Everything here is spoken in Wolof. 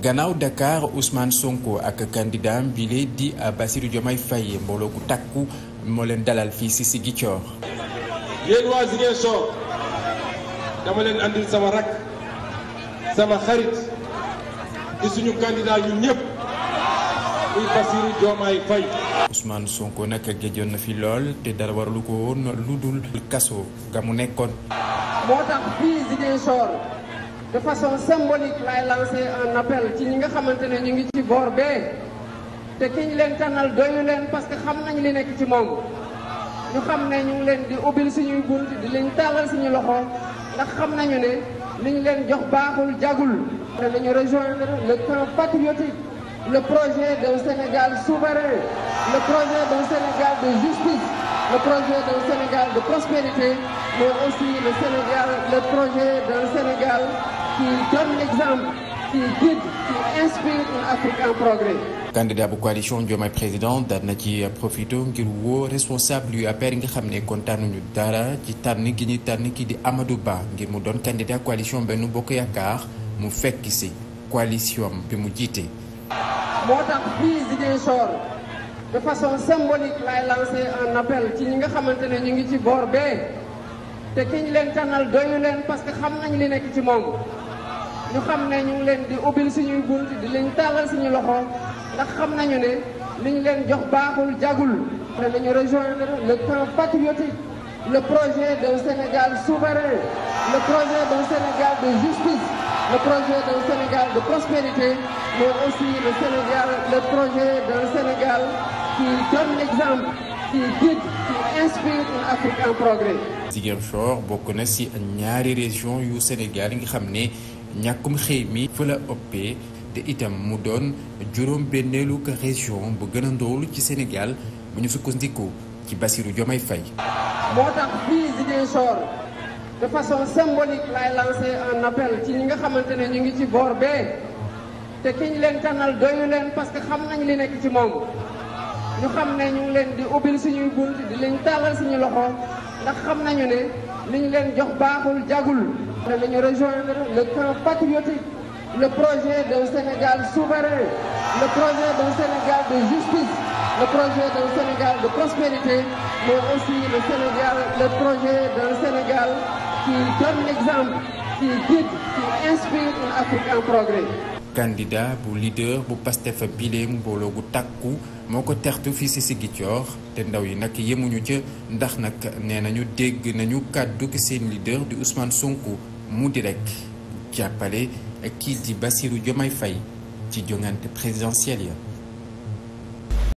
gannaaw Dakar usmaan Sonko ak candidat bile di Bassirou Diomaye Faye mbooloo gu takku moo leen dalal fii si Ziguinchor. yéen waa Ziguinchor dama leen andil sama rak sama xarit di suñu candidat ñun ñëpp muy Bassirou Diomaye Faye. Ousmane Sonko nag géejoon na fi lool te dara waralu ko woon lu dul kaso ga mu nekkoon. moo tax fii Ziguinchor. de façon symbolique laay lancer un appel ci ñi nga xamante ne ñu ngi ci boor bee te ki leen tànnal doyu leen parce que xam nañ li nekk ci moom ñu xam ne ñu ngi leen di ubbil suñuy bunt di leen tàllal suñu loxo ndax xam nañu ne li ñu leen jox baaxul jagul nañu rejoindre le camp patriotique le projet d'un Sénégal souverain le projet d'un Sénégal de justice le projet d'un Sénégal de prospérité mais aussi le Sénégal le projet d'un Sénégal qui donne l'exemple, qui guide, qui inspire une Afrique en progrès. candidat bu coalition Diomaye président daal na ci profité ngir woo responsable yu APR nga xam ne kontaanuñu dara ci tànn gi ñuy tànn ki di Amadou Ba ngir mu doon candidat coalition Benno Bokk Yaakaar mu fekk si coalition bi mu jiite. moo tax fii Ziguinchor de façon symbolique lay lancé un appel ci ñi nga xamante ñu ngi ci boor te ki leen tànnal doyu leen xam nañ li nekk ci moom. ñu xam ne ñu leen di ubbil suñuy bunt di leen tàllal suñu loxo ndax xam nañu ne li leen jox baaxul jagul te nañu rejoindre le camp patriotique le projet d'un Sénégal souverain le projet d'un Sénégal de justice le projet d'un Sénégal de prospérité mais aussi le projet d'un Sénégal qui donne l'exemple qui guide inspire une Afrique en progrès Ziguinchor bokk na ci ñaari région yu Sénégal yi nga xam ni ñàkkum xëy mi fa la ëppee te itam mu doon juróom benneelu ko région bu gën a ndóolu ci Sénégal bu ñu sukkandiku ci Bassirou Diomaye Faye moo tax fii Ziguinchor de façon symbolique lay lancer un appel ci ñi nga xamante ne ñu ngi ci boor bee te kiñ leen tànnal doyu leen xam nañ li nekk ci moom ñu xam ne ñu leen di ubbil suñuy bunt di leen tàllal suñu loxo ndax xam nañu ne li leen jox baaxul jagul nañu rejoindre le camp patriotique le projet d'un Sénégal souverain le projet d'un Sénégal de justice le projet d'un Sénégal de prospérité mais aussi le le projet d'un Sénégal qui donne l'exemple qui guide qui inspire une Afrique progrès candidat bu leader bu Pastef bile mbooloo gu tàkku moo ko tertu fii ci Ziguinchor te ndaw yi nag yemuñu ca ndax nag nee nañu dégg nañu kàddu ki seen leader di Ousmane Sonko mu di rek jàppale kii di Bassirou Diomaye fay ci joŋante présidentielle ya